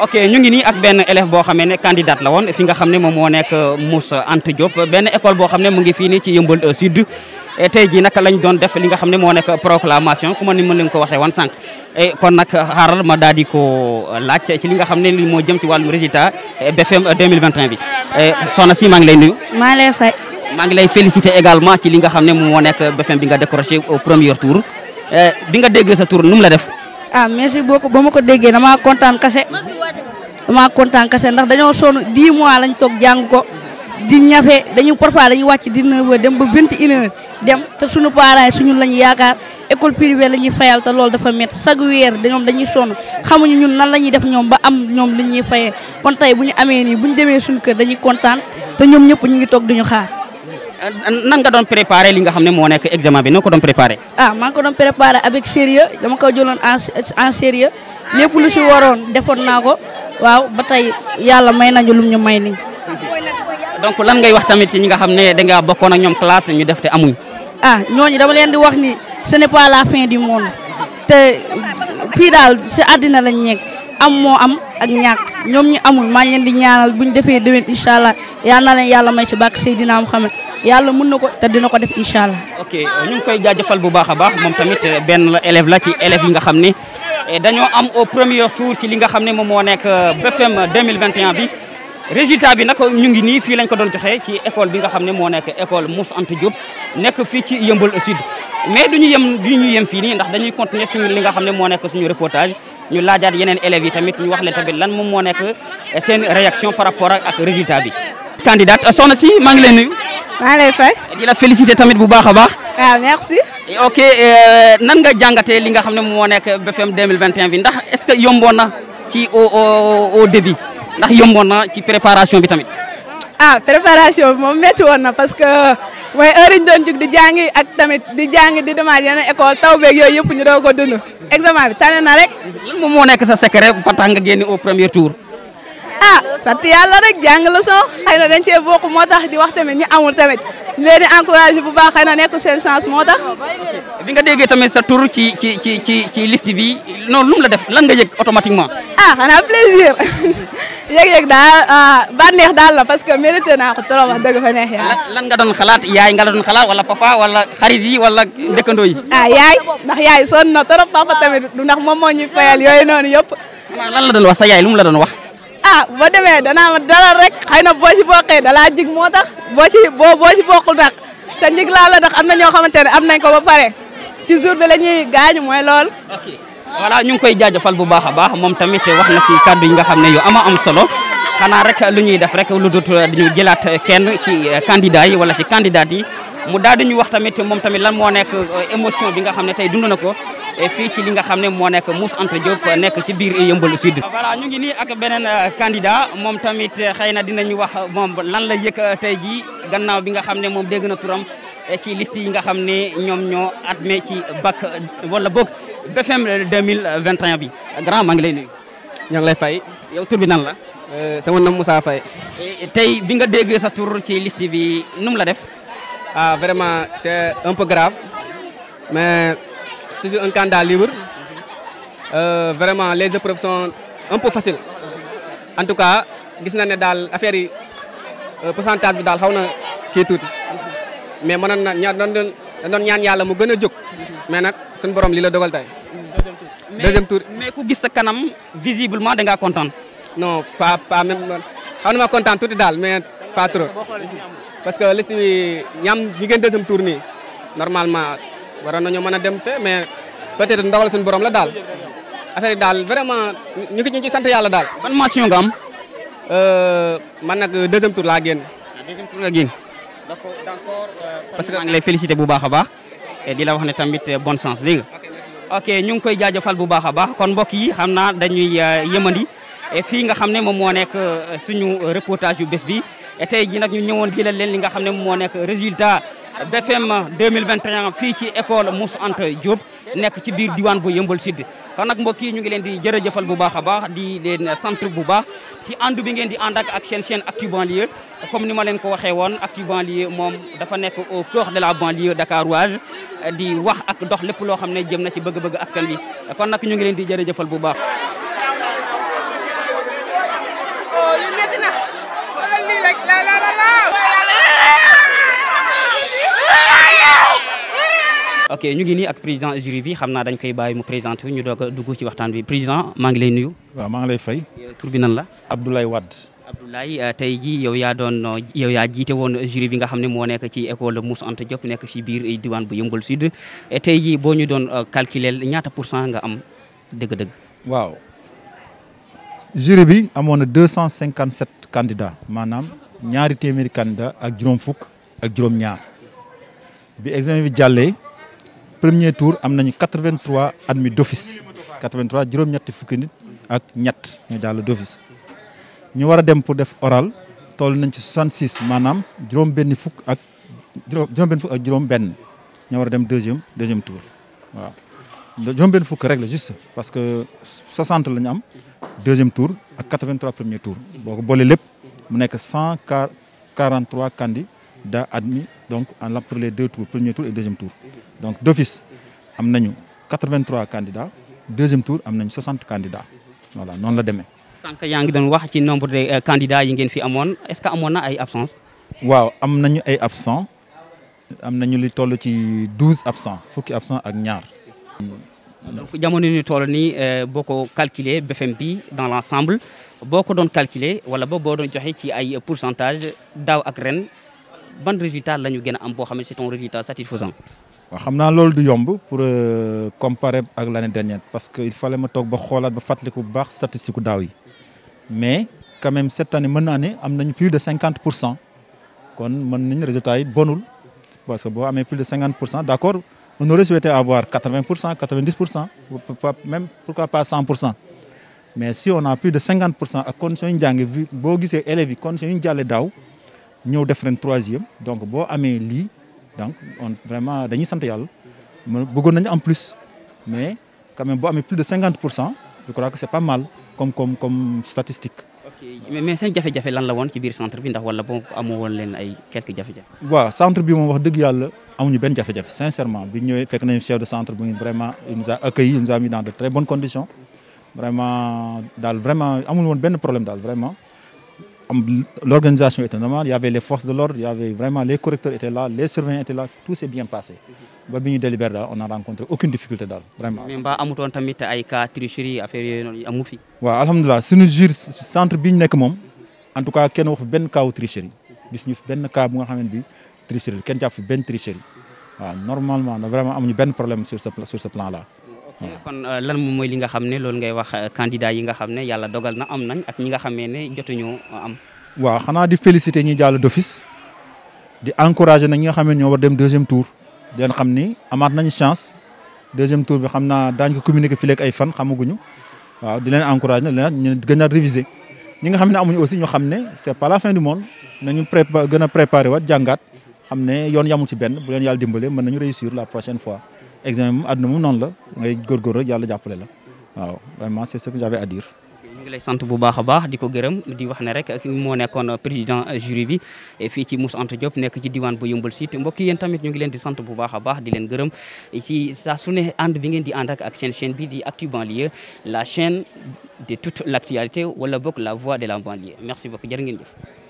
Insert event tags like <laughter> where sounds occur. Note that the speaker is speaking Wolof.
ok ñu ngi nii ak benn élève boo xamee ne candidate la woon fi nga xam ne moom moo nekk Moussa Anta Diop benn école boo xam ne mu ngi fii nii ci Yeumbeul Sud e, tey jii nag lañ doon def li nga xam ne moo nekk proclamation ku ma ni mën leen ko waxee woon sànq e, kon nag xaaral ma daal di ko laaj ci li nga xam ne li moo jëm ci wàllum résultat e, BFM 2021 bi soxna si maa ngi lay nuyu. maa lay fay. maa ngi lay féliciter également ci li nga xam ne moom moo nekk BFM bi nga décroché au premier tour bi nga dégg sa tour nu la def. ah merci beaucoup ba ma ko déggee damaa kontaan kase damaa kontaan kase ndax dañoo sonn di mois lañ toog jàng ko di ñafe dañu parfois dañuy wàcc di 9 heures dem ba 21 heures dem te suñu parents yi suñu la ñu yaakaar école privée la ñuy fayal te loolu dafa métti chaque weer ñoom dañuy sonn xamuñu ñun nan la ñuy def ñoom ba am ñoom li ñuy fayee kon bu ñu amee nii bu ñu demee suñu kër dañuy kontaan te ñoom ñëpp ñu ngi toog duñu xaar nan nga doon préparé li nga xam ne moo nekk examen bi noo ko doon préparé. ah maa ngi ko doon préparé avec sérieux dama ko jëloon en sérieux lépp lu si waroon defoon naa ko waaw ba tey yàlla may nañu lum ñu may nii. donc lan ngay wax tamit ñi nga xam ne da ngaa bokkoon ak ñoom classe ñu def te amuñ. ah ñooñu dama leen di wax ni ce n'est la fin du monde te fii daal àddina lañ nekk am moo am ak ñàkk ñoom ñu amul maa ngi leen di bu ñu defee déwén incha yal na leen yàlla may si bàkk Seydina Muhammad yàlla mën na ko te dina ko def incha allah. ok ñu ngi koy jaajëfal bu baax a baax moom tamit eh, benn élève la ci élève yi nga xam ne eh, dañoo am au premier tour ci li nga xam ne moom moo nekk eh, BFM 2021 bi. résultat bi nag ñu ngi nii fii lañ ko doon joxee ci école bi nga xam ne moo nekk école Moussa Anta Diop nekk fi ci Yeumbeul Sud mais duñu yem duñu yem fii nii ndax dañuy continuer suñu li nga xam ne moo nekk suñu reportage ñu laajaat yeneen élève yi tamit ñu wax leen tamit moom moo nekk seen réaction par rapport ak résultat bi. maa lay di la félicité tamit bu baax a baax. waaw ah, merci. ok euh, nan nga jàngatee li nga xam ne moo nekk BFM 2021 bi ndax est-ce que yomboon na ci au au début ndax yomboon na ci préparation bi tamit. ah préparation bi moom métti woon na parce que mooy heure yi ñu jug di jàngi ak tamit di jàngi di demaat yeneen école taw beeg yooyu yëpp ñu doog ko dund. examen bi tane na rek. lan moom moo nekk sa secret ba tax nga génn au premier tour. ah sant yàlla rek jàng leçon xëy na dañ cee bokk moo tax di wax tamit ñi amul tamit ñu leen di bu baax xëy ne nekkul seen chance moo tax. bi nga déggee tamit sa tur ci ci ci ci ci liste bi noonu lu la def lan nga yëg automatiquement. ah xanaa plaisir <laughs> yëg-yëg daal ah, bànneex daal la parce que mérité naa ko trop wax dëgg fa neex lan nga doon xalaat yaay nga doon xalaat wala papa wala xarit yi wala dëkkandoo yi. ah yaay ndax yaay sonn na trop papa tamit du ndax moom moo fayal yooyu noonu yëpp. lan la doon wax sa yaay lu mu la doon wax. ah bu ma demee danaa ma dalal rek xëy na boo si dalaa jig moo tax boo si boo boo si bokkul nag sa njig laa la am na ñoo xamante ne am nañ ko ba pare ci jour bi la ñuy gaañu mooy lool. voilà ñu ngi koy jaajëfal bu baax a baax moom tamit wax na ki kàddu yi nga xam ne yu ama am solo xanaa rek lu ñuy def rek lu dut ñu jëlaat kenn ci euh, candidat yi wala ci candidat yi mu daal di ñu wax tamit moom tamit lan moo nekk euh, émotion bi nga xam ne tey dund na ko. fii ci li nga xam ne moo nekk Mouss Anta Diop nekk ci biir Yeumbeul Sud. voilà ñu ngi nii ak beneen euh, candidat moom tamit euh, xëy na dinañu wax euh, moom lan la yëg tey jii gannaaw bi nga xam ne moom dégg na turam ci list yi nga xam ne ñoom ñoo admis ci bac wala boog BFM 2021 bi grand maa lay nuyu. ñoo ngi lay fay. yow tur bi nan la. sama nam Moussa Faye. tey bi nga dégg sa tur ci liste bi num la def. ah vraiment c'est un peu grave mais. je suis un candidat libre. Euh, vraiment, les épreuves sont un peu faciles. En tout cas, gis na ne daal affaire yi euh, pourcentage bi daal xaw na kii tuuti mais mënoon na ña doon doon ñaan yàlla mu gën a jóg mais nag suñu borom li la dogal tey. ku gis sa kanam visiblement danga ngaa kontaan. non pas pas même xaw na ma kontaan tuuti daal mais pas trop parce que li si ñam ñi ngeen deuxième tour nii normalement. waroon nañu mën a dem te mais peut-être ndawal suñu borom la daal affaire yi daal vraiment ñu ngi ñu ci sant yàlla daal. ban mention nga am. Euh, man nag euh, deuxième tour laa génn. Ah, deuxième tour euh, la bu baax a baax di la wax ne tamit bonne chance dégg ok ñu ngi koy jaajëfal bu baax a baax kon mbokk yi xam naa dañuy e fii nga xam ne moom moo nekk suñu reportage yu bés bi tey ji nag ñu ñëwoon jëlal leen li nga xam ne moo nekk résultat. BFM 2021 fii ci école Mouss entre Diop nekk ci biir diwaan bu Yëmbal Sud kon nag mbokk yi ñu ngi leen di jërëjëfal bu baax a baax di leen centre bu baax ci ànd bi ngeen di ànd ak ak seen chaîne Actu Banlieue comme ni ma leen ko waxee woon Actu Banlieue moom dafa nekk au cœur de la banlieue dakaroise di wax ak dox lépp loo xam ne jëm na ci bëgg-bëgg askan bi kon nag ñu ngi leen di jërëjëfal bu baax ok ñu ngi nii ak président jury bi xam naa dañ koy bàyyi mu présenté ñu doog a dugg ci waxtaan bi président maa ngi lay nuyu. maa ngi lay fay. tur bi nan la. Abdoulaye Wade. Abdoulaye euh, tey jii yow yaa doon yow yaa jiite woon jury bi nga xam ne moo nekk ci école Moussa Anta Diop nekk fii biir diwaan bu Yeumbeul Sud tey jii boo ñu doon euh, calculer ñaata pour cent nga am dëgg-dëgg. waaw jury bi amoon na deux cent cinquante sept candidats maanaam ñaari téeméeri candidats ak juróom fukk ak juróom ñaar bi examen bi jàllee. premier tour am nañu 83 admis d'office 83 juróom-ñetti fukki nit ak ñett ñu jàll d'office ñu war a dem pour def oral tool nañ ci 66 maanaam juróom benn fukk ak juróom benn ak juróom benn ñu war a dem deuxième deuxième tour waaw juróom benn fukk rek la parce que 60 la ñu am deuxième tour ak 83 premier tour boo ko boolee lépp mu nekk 143 candidats da admis donc en la pour les deux premier tour et deuxième tour donc d' office am nañu 83 candidats deuxième tour am nañu 60 candidats voilà noonu la demee. sànq yaa ngi doon wax ci nombre de euh, candidats yi ngeen fi amoon est ce que amoon na ay absence waaw am nañu ay absent am nañu li toll ci 12 absent fukki absent ak ñaar. donc jamono ñu toll nii euh, boo ko calculer BFM bi dans l' ensemble boo ko doon calculer wala ba boo joxe ci ay pourcentage daaw ak ban résultat la ñu gën a am boo xam ne c'est un résultat satisfaisant. waaw xam naa loolu du yomb pour euh, comparer ak l'année dernière parce que il fallait ma toog ba xoolaat ba fàttaliku bu baax statistique daaw yi mais quand même cette année mën naa am nañu plus pour cent kon mën nañu résultat yi bonul parce que boo amee plus pour cent d'accord on aurait avoir quatre-vingts pour cent quatre-vingt-dix pas cent cent mais si on a plus cent ak conditions yu ñu boo gisee élèves yi ñëw def ren troisième donc boo amee lii donc on vraiment dañuy sant yàlla bëggoon nañu en plus mais quand boo amee plus de pour cent je crois que c'est pas mal comme comme comme statistique. mais seen jafe-jafe lan la woon ci biir centre bi ndax wala boo amoo woon leen ay quelques jafe-jafe. waaw centre bi moom wax dëgg yàlla amuñu benn jafe-jafe sincèrement bi ñëwee fekk nañu chef de centre bi vraiment il nous a accueilli il nous a mis dans de très bonnes conditions vraiment daal vraiment amuñu woon benn problème daal vraiment. l'organisation était normale, il y avait les forces de l'ordre, il y avait vraiment les correcteurs étaient là, les surveillants tout s'est bien passé. ba bi ñu délibéré daal on aucune difficulté daal vraiment. mais mbaa amutoon tamit ay cas tricherie affaire yooyu noonu amu fi. waaw alhamdulilah suñu jur centre bi ñu nekk moom en tout cas kenn waxu benn cas wu tricherie benn cas bu nga bi tricherie kenn jàpp fi benn tricherie normalement vraiment benn problème sur ce plan là. Euh, kon euh, lan moom mooy li nga xam ne loolu ngay wax euh, candidat yi nga xam ne yàlla dogal na am nañ ak ñi nga xamee ne jotuñu am. waaw xanaa di féliciter ñi jàll dofis di encourager na ñi nga xam ne ñoo dem deuxième tour. di leen xam ni amaat nañu chance deuxième tour bi xam naa daañu ko communiquer fii ay fan xamaguñu waaw di leen encourager nag leen ñu gën a réviser ñi nga xam ne amuñu aussi ñu xam ne c'est pas la fin du monde nañu prépa gën a préparer waat jàngaat xam ne yoon yamul ci benn bu leen yàlla dimbalee mën nañu réussir la prochaine fois. examen moom àdduna moom noonu la ngay góorgóor rek yàlla jàppale la waaw vraiment c'est ce que j'avais à dire. sant bu baax a baax di ko gërëm di wax ne rek moo nekkoon président jury bi fii ci Moussa Anta Diop nekk ci diwaan bu Yeumbeul siit mbokk yéen tamit ñu ngi leen di sant bu baax a baax di leen gërëm ci saa su ne ànd bi ngeen di ànd ak ak seen chaîne bi di Actu Banlieue la chaîne de toute l' actualité wala bok la voix de la banlieue merci bok jërë ngeen jëf.